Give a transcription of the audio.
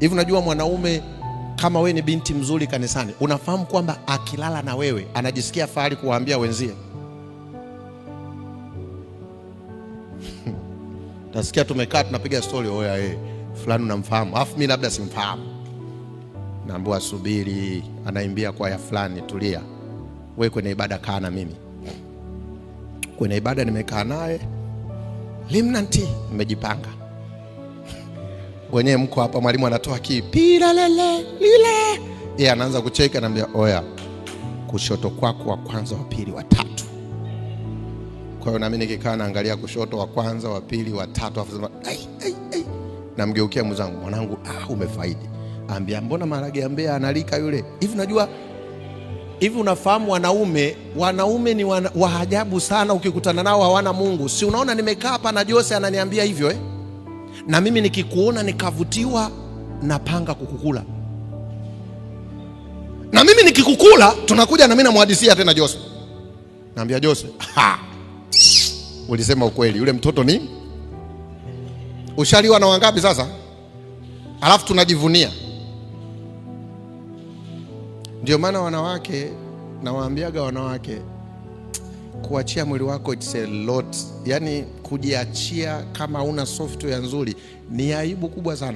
Hivi unajua mwanaume kama wewe ni binti mzuri kanisani, unafahamu kwamba akilala na wewe anajisikia fahari kuwaambia wenzie? Nasikia tumekaa tunapiga stori, oya eh, fulani unamfahamu, alafu mimi labda simfahamu, naambiwa subiri, anaimbia kwaya fulani, tulia wewe kwenye ibada, kaa na mimi kwenye ibada. Nimekaa naye limnanti, mmejipanga wenyewe mko hapa, mwalimu anatoa kipira lele lile, yeye anaanza kucheka, anambia oya, kushoto kwako wa kwanza, wa pili, wa tatu. Kwa hiyo nami nikikaa naangalia kushoto wa kwanza, wa pili, wa tatu, afu sema ai ai ai, namgeukia mwenzangu, mwanangu, ah, umefaidi. Ambia mbona marage ambea analika yule hivi, unajua hivi unafahamu, wanaume wanaume ni wana, wa ajabu sana, ukikutana nao hawana Mungu. Si unaona nimekaa hapa na Jose ananiambia hivyo eh? na mimi nikikuona nikavutiwa, napanga kukukula. Na mimi nikikukula, tunakuja na mimi namhadisia tena Jose, naambia Jose, ha, ulisema ukweli, yule mtoto ni ushaliwa na wangapi sasa? Alafu tunajivunia. Ndio maana wanawake nawaambiaga wanawake kuachia mwili wako it's a lot. Yani kujiachia kama una software nzuri ni aibu kubwa sana.